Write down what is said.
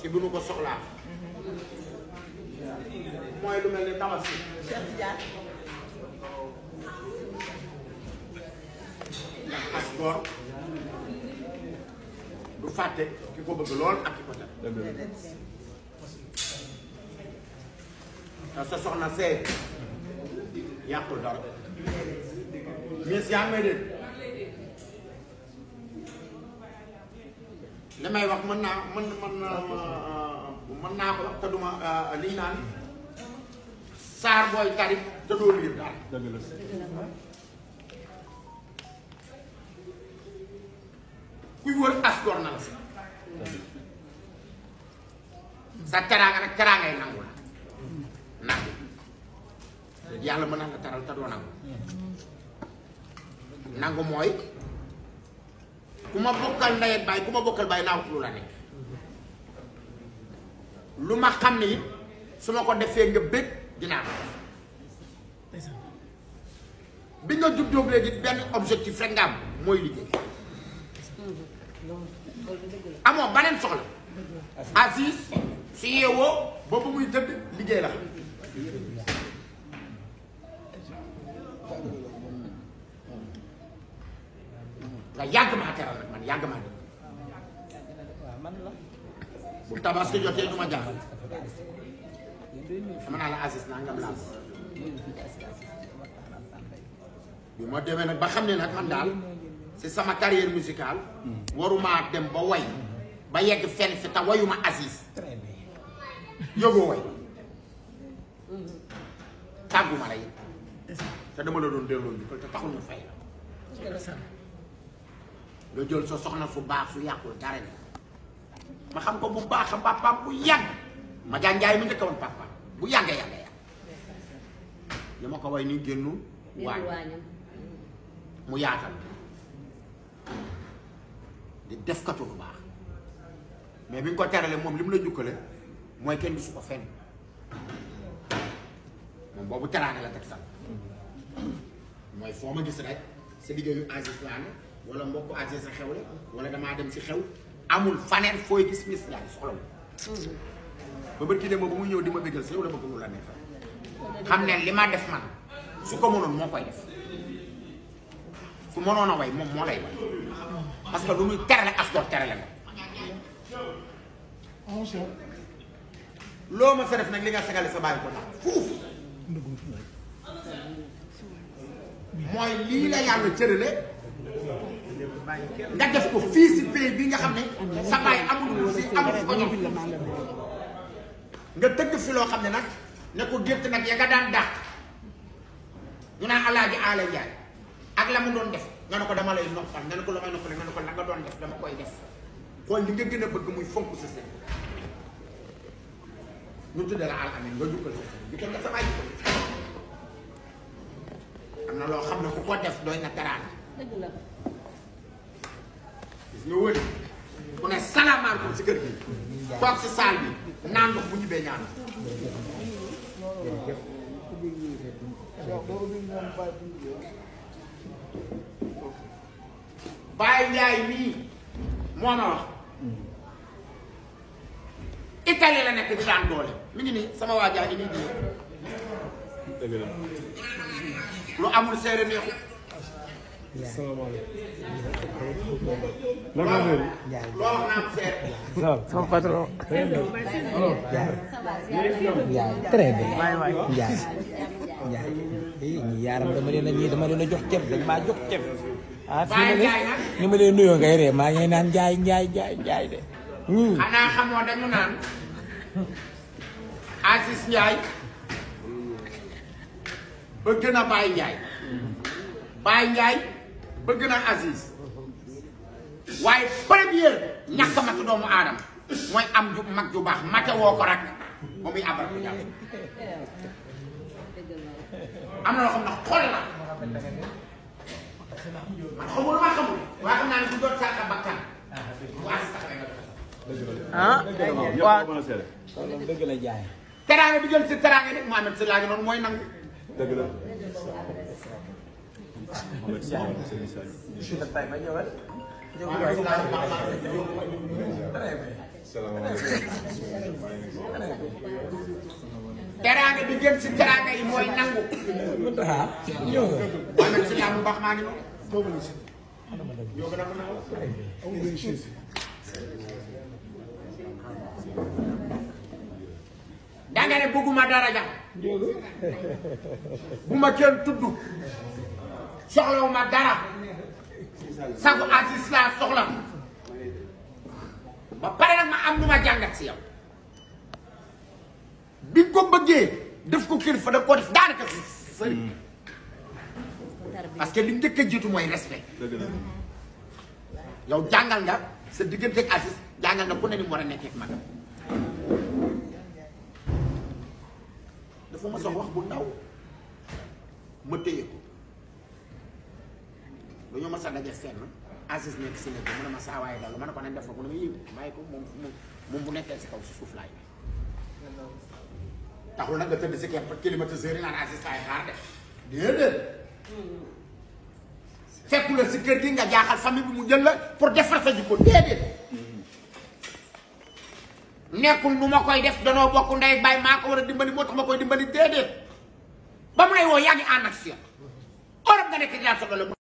si bu nu ko soxlaa mooy lu mel ni tabaski ndax du fàtte ki ko bëgg ak ki ko def te sa soxna see yàqul dara miis yaa ngi li may wax mën naa mën mën mën naa ko wax te duma euh, liñ naan saar booy tarif te na mën na la taral te nangu mm-hmm. nangu mooy ku ma bokkal ndey ak baay ku ma bokkal baay naa lu la nekk lu ma xam ne it su ma ko defee nga bëgg dinaa ko def bi nga juddoo léegi benn objectif rek nga am mooy liggéey amoo beneen soxla Aziz su yeewoo boobu muy tëdd liggéey la nga yàgg maa teral nag man yàgg maa dégg bu tabaski jotee du ma jaaxal dama naa la Aziz naa ngam laal bi ma demee nag ba xam ne nag man daal si sama carrière musicale waruma dem ba way ba yegg fenn fi te wayuma Aziz yóbbu way tàgguma la it te dama la doon delloo njukkal te taxul ñu fay nga jël sa soxna fu baax su yàqul dara ma xam ko bu baax a papaam bu yàgg ma jaan njaay mi njëkk woon papaam bu yàgga yàgga yàgg li ma ko way nii génnu waañam mu yaatal di def katu lu baax mais bi nga ko terale moom li mu la jukkale mooy kenn gisu ko fenn moom boobu teraanga la teg sax mooy foo ma gis rek sa liggéeyu enregistré wala mbokk àjjee sa xew la wala damaa dem si xew amul faneen fooy gis Miss Ndiaye soxla mhm. ba bët ki dem ba muy ñëw di ma bëggal si yow dama bëggul la neex xam ne li ma def man su ko mënoon moo koy def su mënoon a que lu muy terale asgor terale la li nga sagale sa bàyyi mooy lii la yàlla cërale nga def ko fii si pays bi nga xam ne sa baay amul si amul si nga tëgg fi loo xam ne nag ne ko gétt nag ya nga daan dàq ñu naan alaaji aala njaay ak la mu doon def nga ne ko dama lay noppal nga ko la may noppale nga doon def dama koy def xool nga gën a bëgg muy fonk sa sëñ ñu tuddee la al nga jukkal sa sëñ bi nga sa jukkal am na loo xam ne ku ko def doy na teraanga dëgg la. gis nga wëri ku ne kër gi toog si saal bi naan ndox bu ñu bee ñaan. Baye Ndiaye mii moo ma wax. Italie la nekk di daan doole mi ngi nii sama waa jaa ngi nii. lu amul seere neexu. sama Njaay très bien Njaay Njaay ñi yaaram dama leen a ñii dama leen a jox ceeb dañ maa jox ceeb ah fi mu ne ni ma leen nuyoo ngay naan Njaay Njaay Njaay Njaay de xanaa xamoo dañu naan Aziz Njaay bëgg na Baye Njaay Baye Njaay bëgg naa Aziz waaye première ñàkk mat doomu aadama mooy am ju mag ju baax mate woo ko rek ba muy abar ko jàpp am na loo xam ne xol la man xamul ma xamul waaye xam naa ne bu doon saaka bakkan bu Aziz tax nga ah bi jël si teraanga rek Mohamed si laaj noonu mooy nangu dëgg teraanga bi gën si teraanga yi mooy nangu. ah ñëw nga. waaye nag sëñ Amadou Ba maa ngi noonu. ñoo gën a mën a danga ne bëgguma daraja. bu ma kenn tudd. soxlawu ma dara sagu artiste laa soxla ba pare nag ma am lu ma jàngat si yow bi ko bëggee def ko kilifa da koo def daanaka si sëriñ parce que li njëkk jiitu mooy respect yow jàngal nga sa diggante jàngal nga ku ne ni mu war a nekkee mag dafa ma sox wax bu ndaw ma téye ko dañoo mos a daje fenn Aziz nekk si nekk mu ne ma saa waaye dalu ma ko nañ def ko mu ne ko moom moom nekkee si kaw si suuf laay bi la si kër gi nga jaaxal famille bi la pour defar sa jikko déedéet koy def danoo bokk ko war a dimbali moo tax ma koy dimbali déedéet ba mu lay woo yaa